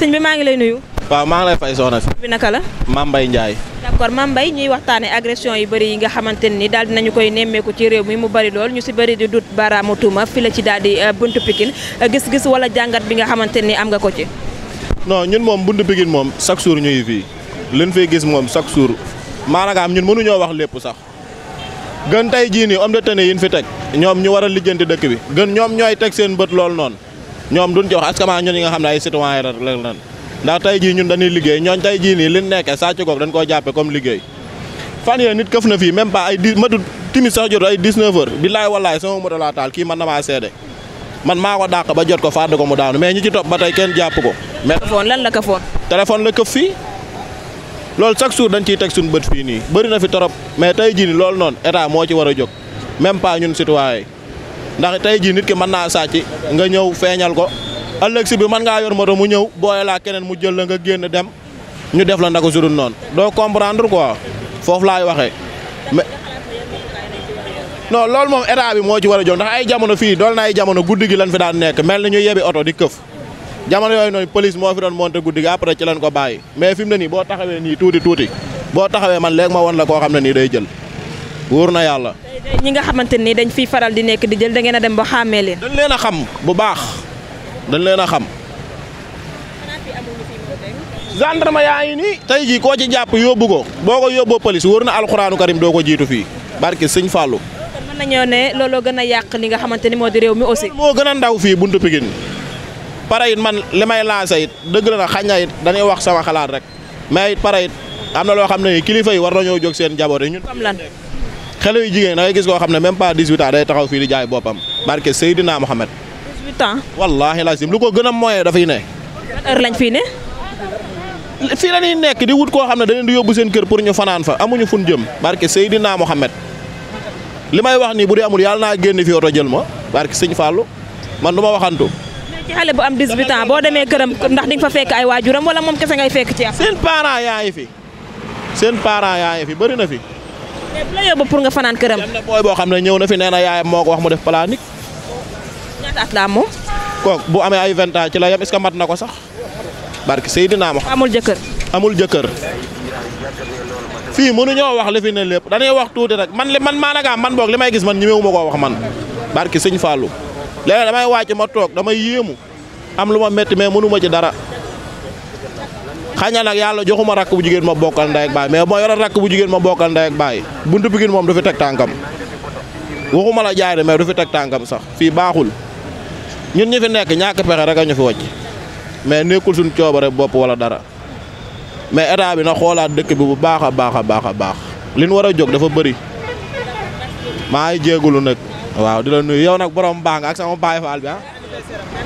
sëñ bi maa ngi lay nuyu. waaw maa ngi lay fay soxna fi. bi naka la. Mame Mbaye Ndiaye. d'accord Mame ñuy waxtaanee agression yi bëri yi nga xamante ni daal dinañu koy nemmeeku ci réew mi mu bëri lool ñu si bëri di dut baaraamu tuuma fi la ci daal di euh, buntu Pikine euh, gis-gis wala jàngat bi nga xamante ni am nga ko ci. non ñun moom buntu Pikine moom chaque jour ñuy fii liñ fay gis moom chaque jour am ñun mënuñoo wax lépp sax gën tey jii nii homme de tenue fi teg ñoom ñu wara a lijjanti dëkk bi gën ñoom ñooy teg seen bët lool noonu ñoom duñ ci wax askamaa ñun ñi nga xam ne ay citoyen rek lan ndax tey jii ñun dañuy liggéey ñooñ tey jii nii liñ nekkee sàcc goog dañ koo jàppe comme liggéey fan yee nit këf na fii même pas ay di matut timis sax jot ay 19 heures billaay wallaay sama moto kii man na maa seede man maa ko dàq ba jot ko fàdd ko mu daanu mais ñu ci topp ba tey kenn jàpp ko mais téléphone lan la këfoon këf fii loolu chaque jour dañ ciy teg suñu bët fii nii bëri na fi torop mais tey jii nii loolu noonu état moo ci war a jóg même pas ñun ndax tey jii nit ki mën naa sàcc nga ñëw feeñal ko ëllëg si bi mën ngaa yor moto mu ñëw booye laa keneen mu jël la nga génn dem ñu def la naka su dul noonu doo comprendre quoi foofu laay waxee non loolu moom état bi moo ci war a jóg ndax ay jamono fii dool na ay jamono guddi gi lañ fi daan nekk mel ni ñu yebi oto di këf jamono yooyu noonu police moo fi doon monté guddi gi après ci lañ ko bàyyi mais fi mu ne nii boo taxawee nii tuuti tuuti boo taxawee man léegi ma won la koo xam ne nii day jël wóor na yàlla. ñi nga xamante nii dañ fiy faral di nekk di jël da ngeen dem ba xàmmee leen. dañ leen a xam bu baax dañ leen a xam. gendarme yaa ngi nii. tey jii koo ci jàpp yóbbu ko boo ko yóbboo police wóor na alxuraanu karim doo ko jiitu fii barke sëñ Fallou. mën nañoo ne looloo gën a yàq li nga xamante ni moo di réew mi aussi. moo gën a ndaw fii buntu Pikine pare it man li may lancé it dëgg la na xañ na it wax sama xalaat rek mais it pare it am na loo xam ne kilifa yi war nañoo jóg seen njaboot ñun. comme lan. xale yu jigéen da ngay gis koo xam ne même pas 18 ans day taxaw fii di jaay boppam barke Seydina Mohamed. 18 ans. wallaahi lazim lu ko gën a mooyee dafay ne. ban heure lañ fii ne. fii la ñuy nekk di wut koo xam ne dañu di yóbbu seen kër pour ñu fanaan fa amuñu fun jëm barke Seydina Mohamed li may wax nii bu dee amul yàlla naa génn fi oto jël ma barke Sëñ Fallou man du ma waxantu. ci xale bu am 18 ans boo demee këram ndax di fa fekk ay waajuram wala moom kese ngay fekk ci. seen parents yaa ngi fi seen parents yaa ngi fi bëri na fi. mais la yóbbu pour nga fanaan këram. am booy boo xam ne ñëw na fi nee na yaayam moo ko wax mu def planique. ñaata at la am bu amee ay vingt ci la yem est-ce que mat na ko sax. barke Seydina Muhammad. amul jëkkër. amul jëkkër. fii mënuñoo wax li fi ne lépp dañuy wax tuuti rek man li man maanaam man boog li may gis man ñemewu ma koo wax man. barke Sëñ Fallou léeg-léeg damay wàcc ma toog damay yéemu am lu ma metti mais mënu ma ci dara. xañ nag yàlla joxuma rakk bu jigéen ma bokkal ndey ak baay mais ma yoroon rakk bu jigéen ma bokkal ndey ak baay buntu Pikine moom du fi teg tànkam waxuma la jaay de mais du fi teg tànkam sax fii baaxul ñun ñu fi nekk ñàkk pexe rek a ñu fi wàcc mais nekkul suñu coobare bopp wala dara mais état bi na xoolaat dëkk bi bu baax a baax a baax a baax li war a jóg dafa bëri maa ngi jéegulu nag waaw di la nuyu yow nag borom baax nga ak sama baay faal bi ah